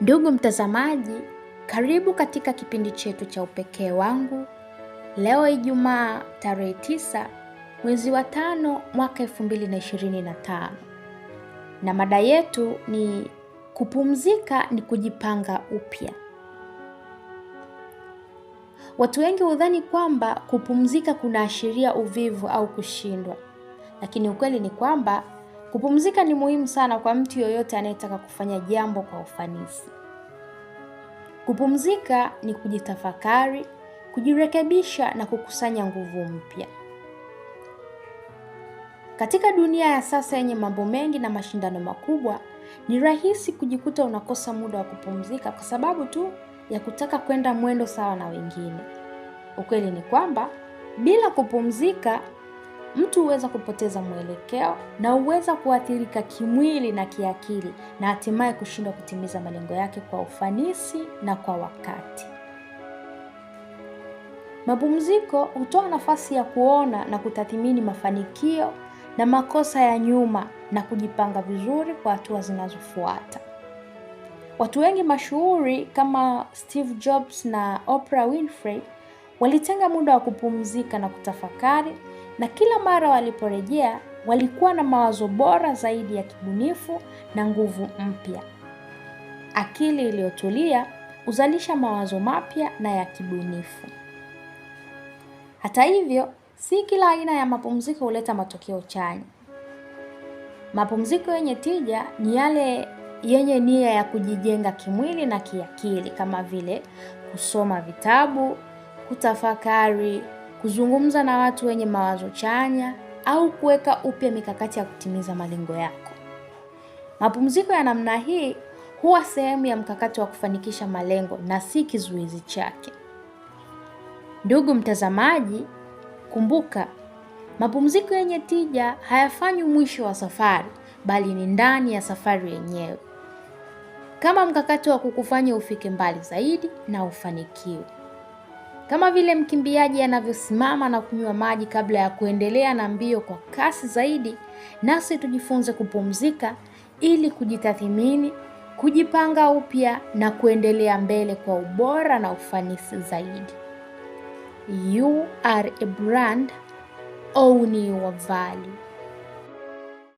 Ndugu mtazamaji, karibu katika kipindi chetu cha Upekee wangu. Leo Ijumaa tarehe 9 mwezi wa tano mwaka 2025, na mada yetu ni kupumzika ni kujipanga upya. Watu wengi hudhani kwamba kupumzika kunaashiria uvivu au kushindwa, lakini ukweli ni kwamba Kupumzika ni muhimu sana kwa mtu yoyote anayetaka kufanya jambo kwa ufanisi. Kupumzika ni kujitafakari, kujirekebisha na kukusanya nguvu mpya. Katika dunia ya sasa yenye mambo mengi na mashindano makubwa, ni rahisi kujikuta unakosa muda wa kupumzika kwa sababu tu ya kutaka kwenda mwendo sawa na wengine. Ukweli ni kwamba bila kupumzika mtu huweza kupoteza mwelekeo na huweza kuathirika kimwili na kiakili na hatimaye kushindwa kutimiza malengo yake kwa ufanisi na kwa wakati. Mapumziko hutoa nafasi ya kuona na kutathmini mafanikio na makosa ya nyuma na kujipanga vizuri kwa hatua zinazofuata. Watu wengi mashuhuri kama Steve Jobs na Oprah Winfrey walitenga muda wa kupumzika na kutafakari na kila mara waliporejea walikuwa na mawazo bora zaidi ya kibunifu na nguvu mpya. Akili iliyotulia huzalisha mawazo mapya na ya kibunifu. Hata hivyo, si kila aina ya mapumziko huleta matokeo chanya. Mapumziko yenye tija ni yale yenye nia ya kujijenga kimwili na kiakili, kama vile kusoma vitabu, kutafakari, kuzungumza na watu wenye mawazo chanya au kuweka upya mikakati ya kutimiza malengo yako. Mapumziko ya namna hii huwa sehemu ya mkakati wa kufanikisha malengo na si kizuizi chake. Ndugu mtazamaji, kumbuka mapumziko yenye tija hayafanyi mwisho wa safari, bali ni ndani ya safari yenyewe, kama mkakati wa kukufanya ufike mbali zaidi na ufanikiwe. Kama vile mkimbiaji anavyosimama na kunywa maji kabla ya kuendelea na mbio kwa kasi zaidi, nasi tujifunze kupumzika ili kujitathimini kujipanga upya na kuendelea mbele kwa ubora na ufanisi zaidi. You are a brand, own your value.